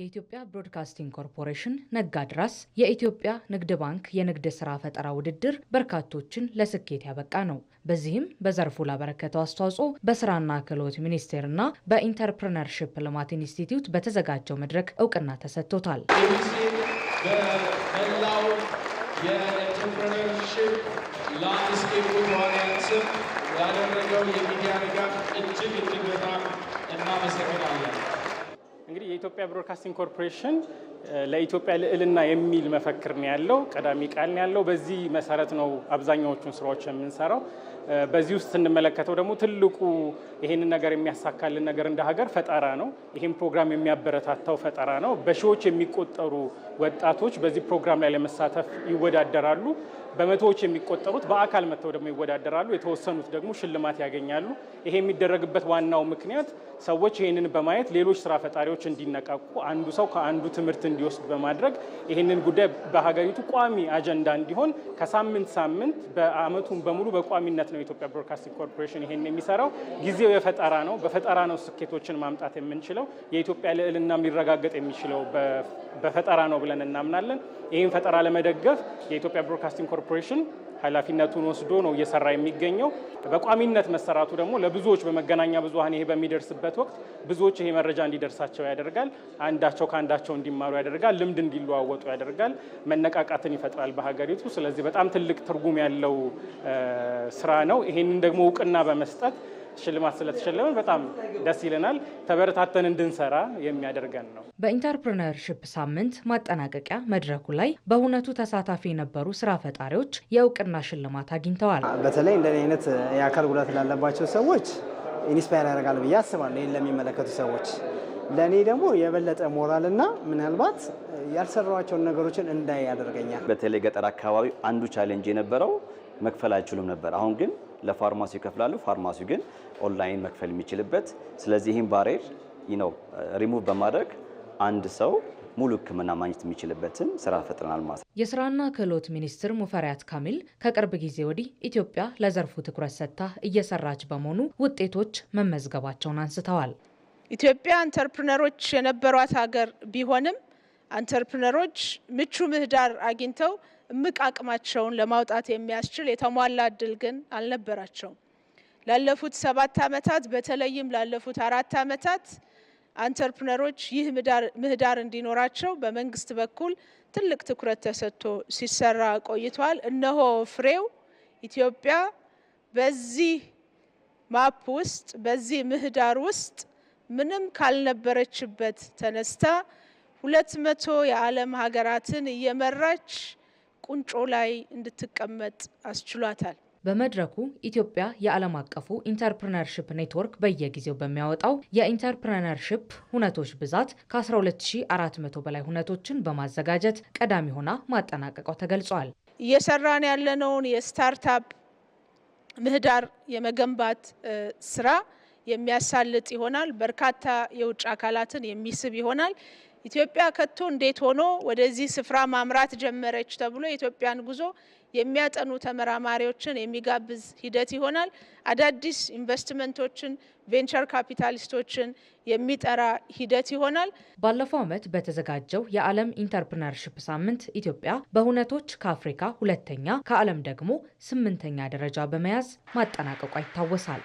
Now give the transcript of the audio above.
የኢትዮጵያ ብሮድካስቲንግ ኮርፖሬሽን ነጋድራስ የኢትዮጵያ ንግድ ባንክ የንግድ ስራ ፈጠራ ውድድር በርካቶችን ለስኬት ያበቃ ነው። በዚህም በዘርፉ ላበረከተው አስተዋጽኦ በስራና ክህሎት ሚኒስቴርና በኢንተርፕረነርሽፕ ልማት ኢንስቲትዩት በተዘጋጀው መድረክ እውቅና ተሰጥቶታል። በመላው የኢንተርፕረነርሽፕ ላንድስኬፕ ስም ያደረገው የሚዲያ ድጋፍ እጅግ እጅግ በጣም እናመሰግናለን። የኢትዮጵያ ብሮድካስቲንግ ኮርፖሬሽን ለኢትዮጵያ ልዕልና የሚል መፈክር ነው ያለው፣ ቀዳሚ ቃል ነው ያለው። በዚህ መሰረት ነው አብዛኛዎቹን ስራዎች የምንሰራው። በዚህ ውስጥ ስንመለከተው ደግሞ ትልቁ ይሄንን ነገር የሚያሳካልን ነገር እንደ ሀገር ፈጠራ ነው። ይህም ፕሮግራም የሚያበረታታው ፈጠራ ነው። በሺዎች የሚቆጠሩ ወጣቶች በዚህ ፕሮግራም ላይ ለመሳተፍ ይወዳደራሉ። በመቶዎች የሚቆጠሩት በአካል መጥተው ደግሞ ይወዳደራሉ። የተወሰኑት ደግሞ ሽልማት ያገኛሉ። ይሄ የሚደረግበት ዋናው ምክንያት ሰዎች ይህንን በማየት ሌሎች ስራ ፈጣሪዎች እንዲ እንዲነቃቁ አንዱ ሰው ከአንዱ ትምህርት እንዲወስድ በማድረግ ይህንን ጉዳይ በሀገሪቱ ቋሚ አጀንዳ እንዲሆን ከሳምንት ሳምንት በአመቱን በሙሉ በቋሚነት ነው የኢትዮጵያ ብሮድካስቲንግ ኮርፖሬሽን ይሄን የሚሰራው። ጊዜው የፈጠራ ነው። በፈጠራ ነው ስኬቶችን ማምጣት የምንችለው። የኢትዮጵያ ልዕልናም ሊረጋገጥ የሚችለው በፈጠራ ነው ብለን እናምናለን። ይህን ፈጠራ ለመደገፍ የኢትዮጵያ ብሮድካስቲንግ ኮርፖሬሽን ኃላፊነቱን ወስዶ ነው እየሰራ የሚገኘው። በቋሚነት መሰራቱ ደግሞ ለብዙዎች በመገናኛ ብዙሀን ይሄ በሚደርስበት ወቅት ብዙዎች ይሄ መረጃ እንዲደርሳቸው ያደርጋል። ያደርጋል። አንዳቸው ከአንዳቸው እንዲማሩ ያደርጋል። ልምድ እንዲለዋወጡ ያደርጋል። መነቃቃትን ይፈጥራል በሀገሪቱ። ስለዚህ በጣም ትልቅ ትርጉም ያለው ስራ ነው። ይሄንን ደግሞ እውቅና በመስጠት ሽልማት ስለተሸለመን በጣም ደስ ይለናል። ተበረታተን እንድንሰራ የሚያደርገን ነው። በኢንተርፕርነርሽፕ ሳምንት ማጠናቀቂያ መድረኩ ላይ በእውነቱ ተሳታፊ የነበሩ ስራ ፈጣሪዎች የእውቅና ሽልማት አግኝተዋል። በተለይ እንደኔ አይነት የአካል ጉዳት ላለባቸው ሰዎች ኢንስፓየር ያደርጋል ብዬ አስባለሁ። ይህን ለሚመለከቱ ሰዎች ለእኔ ደግሞ የበለጠ ሞራልና ምናልባት ያልሰራቸውን ነገሮችን እንዳይ ያደርገኛል። በተለይ ገጠር አካባቢ አንዱ ቻሌንጅ የነበረው መክፈል አይችሉም ነበር። አሁን ግን ለፋርማሲ ይከፍላሉ። ፋርማሲ ግን ኦንላይን መክፈል የሚችልበት ስለዚህ ይህን ባሬር ነው ሪሙቭ በማድረግ አንድ ሰው ሙሉ ሕክምና ማግኘት የሚችልበትን ስራ ፈጥረናል ማለት ነው። የስራና ክህሎት ሚኒስትር ሙፈሪያት ካሚል ከቅርብ ጊዜ ወዲህ ኢትዮጵያ ለዘርፉ ትኩረት ሰጥታ እየሰራች በመሆኑ ውጤቶች መመዝገባቸውን አንስተዋል። ኢትዮጵያ አንተርፕነሮች የነበሯት ሀገር ቢሆንም አንተርፕነሮች ምቹ ምህዳር አግኝተው እምቅ አቅማቸውን ለማውጣት የሚያስችል የተሟላ እድል ግን አልነበራቸውም። ላለፉት ሰባት ዓመታት በተለይም ላለፉት አራት ዓመታት አንተርፕነሮች ይህ ምህዳር እንዲኖራቸው በመንግስት በኩል ትልቅ ትኩረት ተሰጥቶ ሲሰራ ቆይቷል። እነሆ ፍሬው ኢትዮጵያ በዚህ ማፕ ውስጥ በዚህ ምህዳር ውስጥ ምንም ካልነበረችበት ተነስታ ሁለት መቶ የዓለም ሀገራትን እየመራች ቁንጮ ላይ እንድትቀመጥ አስችሏታል። በመድረኩ ኢትዮጵያ የዓለም አቀፉ ኢንተርፕረነርሽፕ ኔትወርክ በየጊዜው በሚያወጣው የኢንተርፕረነርሽፕ ሁነቶች ብዛት ከ12400 በላይ ሁነቶችን በማዘጋጀት ቀዳሚ ሆና ማጠናቀቋ ተገልጿል። እየሰራን ያለነውን የስታርታፕ ምህዳር የመገንባት ስራ የሚያሳልጥ ይሆናል። በርካታ የውጭ አካላትን የሚስብ ይሆናል። ኢትዮጵያ ከቶ እንዴት ሆኖ ወደዚህ ስፍራ ማምራት ጀመረች ተብሎ የኢትዮጵያን ጉዞ የሚያጠኑ ተመራማሪዎችን የሚጋብዝ ሂደት ይሆናል። አዳዲስ ኢንቨስትመንቶችን፣ ቬንቸር ካፒታሊስቶችን የሚጠራ ሂደት ይሆናል። ባለፈው ዓመት በተዘጋጀው የዓለም ኢንተርፕርነርሽፕ ሳምንት ኢትዮጵያ በሁነቶች ከአፍሪካ ሁለተኛ ከዓለም ደግሞ ስምንተኛ ደረጃ በመያዝ ማጠናቀቋ ይታወሳል።